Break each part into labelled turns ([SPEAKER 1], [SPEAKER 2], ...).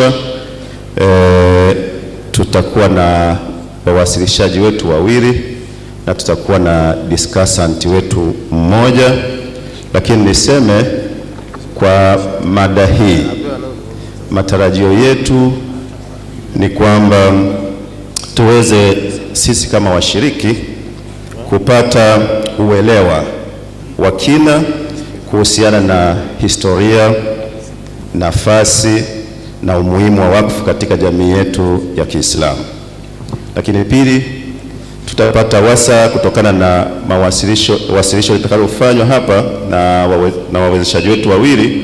[SPEAKER 1] kichwa e, tutakuwa na wawasilishaji wetu wawili na tutakuwa na discussant wetu mmoja, lakini niseme kwa mada hii, matarajio yetu ni kwamba tuweze sisi kama washiriki kupata uelewa wa kina kuhusiana na historia, nafasi na umuhimu wa wakfu katika jamii yetu ya Kiislamu. Lakini pili, tutapata wasa kutokana na mawasilisho wasilisho litakalofanywa hapa na, wawe, na wawezeshaji wetu wawili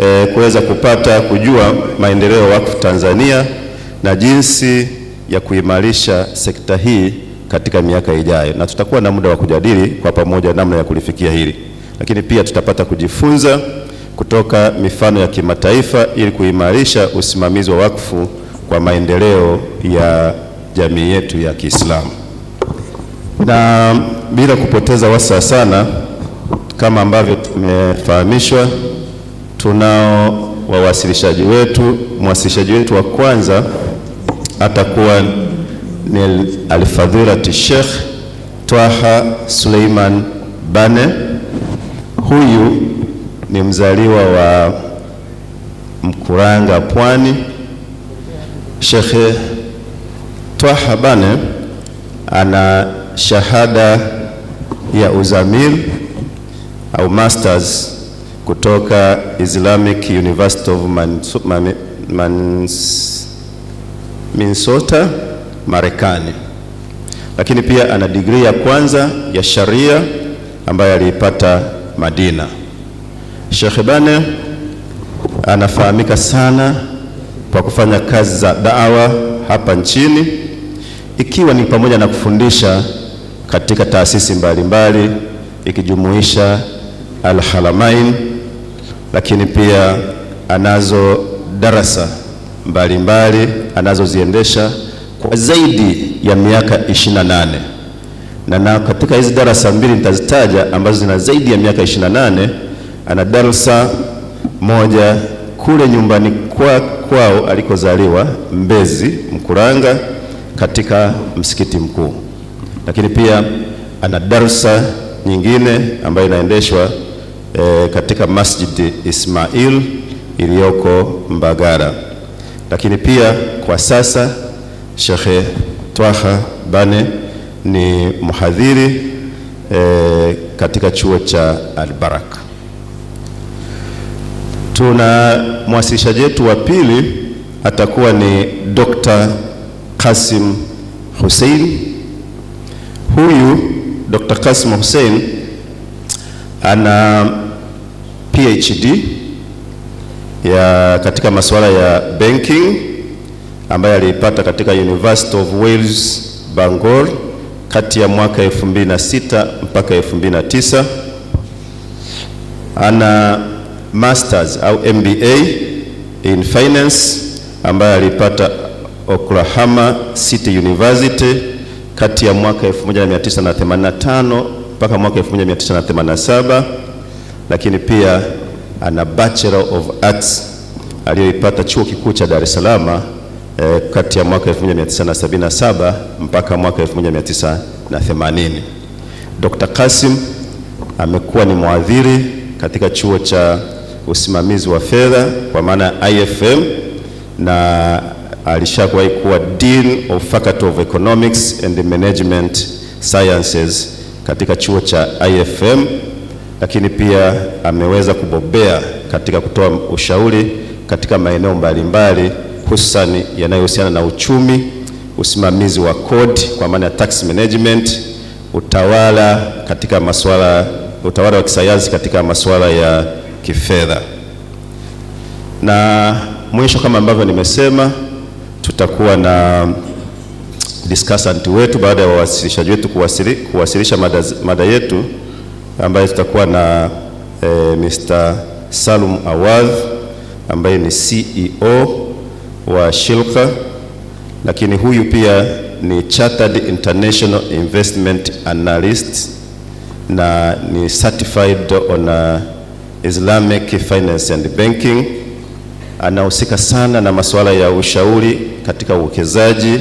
[SPEAKER 1] e, kuweza kupata kujua maendeleo ya wakfu Tanzania na jinsi ya kuimarisha sekta hii katika miaka ijayo, na tutakuwa na muda wa kujadili kwa pamoja namna ya kulifikia hili, lakini pia tutapata kujifunza kutoka mifano ya kimataifa ili kuimarisha usimamizi wa wakfu kwa maendeleo ya jamii yetu ya Kiislamu. Na bila kupoteza wasaa sana, kama ambavyo tumefahamishwa, tunao wawasilishaji wetu. Mwasilishaji wetu wa kwanza atakuwa ni Alfadhilati Sheikh Twaha Suleiman Bane. Huyu ni mzaliwa wa Mkuranga Pwani. Shekhe Twaha Bane ana shahada ya uzamili au masters kutoka Islamic University of Minnesota Marekani, lakini pia ana digrii ya kwanza ya sharia ambayo aliipata Madina. Sheikh Bane anafahamika sana kwa kufanya kazi za daawa hapa nchini, ikiwa ni pamoja na kufundisha katika taasisi mbalimbali mbali, ikijumuisha Al-Halamain, lakini pia anazo darasa mbalimbali anazoziendesha kwa zaidi ya miaka 28 na na katika hizi darasa mbili nitazitaja ambazo zina zaidi ya miaka 28 ana darsa moja kule nyumbani kwa, kwao alikozaliwa Mbezi Mkuranga katika msikiti mkuu, lakini pia ana darsa nyingine ambayo inaendeshwa e, katika Masjid Ismail iliyoko Mbagara, lakini pia kwa sasa Shekhe Twaha Bane ni mhadhiri e, eh, katika chuo cha albaraka Tuna mwasilishaji wetu wa pili atakuwa ni Dr. Kasim Hussein. Huyu Dr. kasim Hussein ana PhD ya katika masuala ya banking ambaye aliipata katika University of Wales Bangor kati ya mwaka 2006 mpaka 2009 ana masters au MBA in finance ambaye alipata Oklahoma City University kati ya mwaka 1985 mpaka mwaka 1987, lakini pia ana Bachelor of Arts aliyoipata chuo kikuu cha Dar es Salaam eh, kati ya mwaka 1977 mpaka mwaka 1980. Dr. Kasim amekuwa ni mwadhiri katika chuo cha usimamizi wa fedha kwa maana ya IFM na alishakuwahi kuwa Dean of Faculty of Economics and Management Sciences katika chuo cha IFM, lakini pia ameweza kubobea katika kutoa ushauri katika maeneo mbalimbali hususani yanayohusiana na uchumi, usimamizi wa kodi kwa maana ya tax management, utawala katika masuala utawala wa kisayansi katika masuala ya kifedha. Na mwisho, kama ambavyo nimesema, tutakuwa na discussant wetu baada ya wawasilishaji wetu kuwasili, kuwasilisha mada, mada yetu ambayo tutakuwa na eh, Mr. Salum Awadh ambaye ni CEO wa Shilka, lakini huyu pia ni Chartered International Investment Analyst na ni certified on a Islamic Finance and Banking, anahusika sana na masuala ya ushauri katika uwekezaji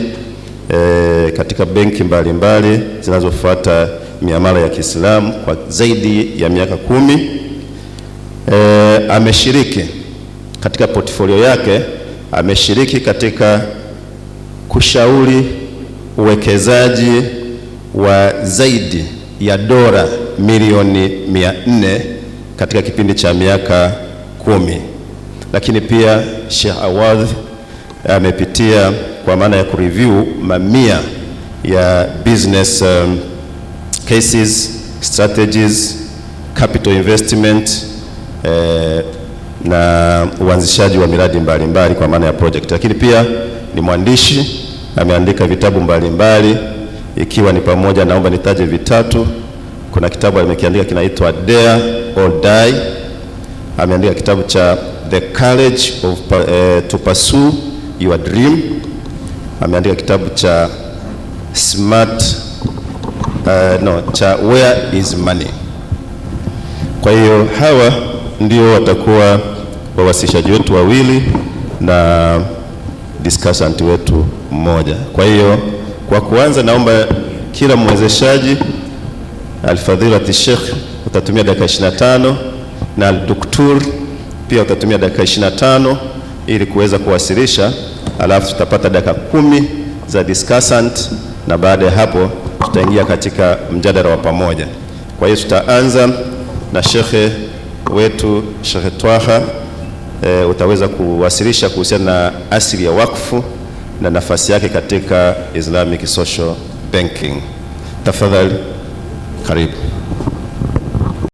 [SPEAKER 1] e, katika benki mbalimbali zinazofuata miamala ya Kiislamu kwa zaidi ya miaka kumi. E, ameshiriki katika portfolio yake, ameshiriki katika kushauri uwekezaji wa zaidi ya dola milioni mia nne katika kipindi cha miaka kumi, lakini pia Sheikh Awadh amepitia kwa maana ya kureview mamia ya business um, cases strategies capital investment eh, na uanzishaji wa miradi mbalimbali mbali kwa maana ya project, lakini pia ni mwandishi, ameandika vitabu mbalimbali mbali, ikiwa ni pamoja, naomba nitaje vitatu kuna kitabu amekiandika kinaitwa Dare or Die. Ameandika kitabu cha The Courage of, uh, to Pursue Your Dream. Ameandika kitabu cha Smart, uh, no, cha Where is Money. Kwa hiyo hawa ndio watakuwa wawasishaji wetu wawili na discussant wetu mmoja. Kwa hiyo kwa kuanza, naomba kila mwezeshaji alfadhilati sheikh utatumia dakika 25 na aldoktur pia utatumia dakika 25 ili kuweza kuwasilisha, alafu tutapata dakika kumi za discussant, na baada ya hapo tutaingia katika mjadala wa pamoja. Kwa hiyo tutaanza na shekhe wetu shekhe Twaha. E, utaweza kuwasilisha kuhusiana na asili ya wakfu na nafasi yake katika Islamic Social Banking. Tafadhali. Karibu.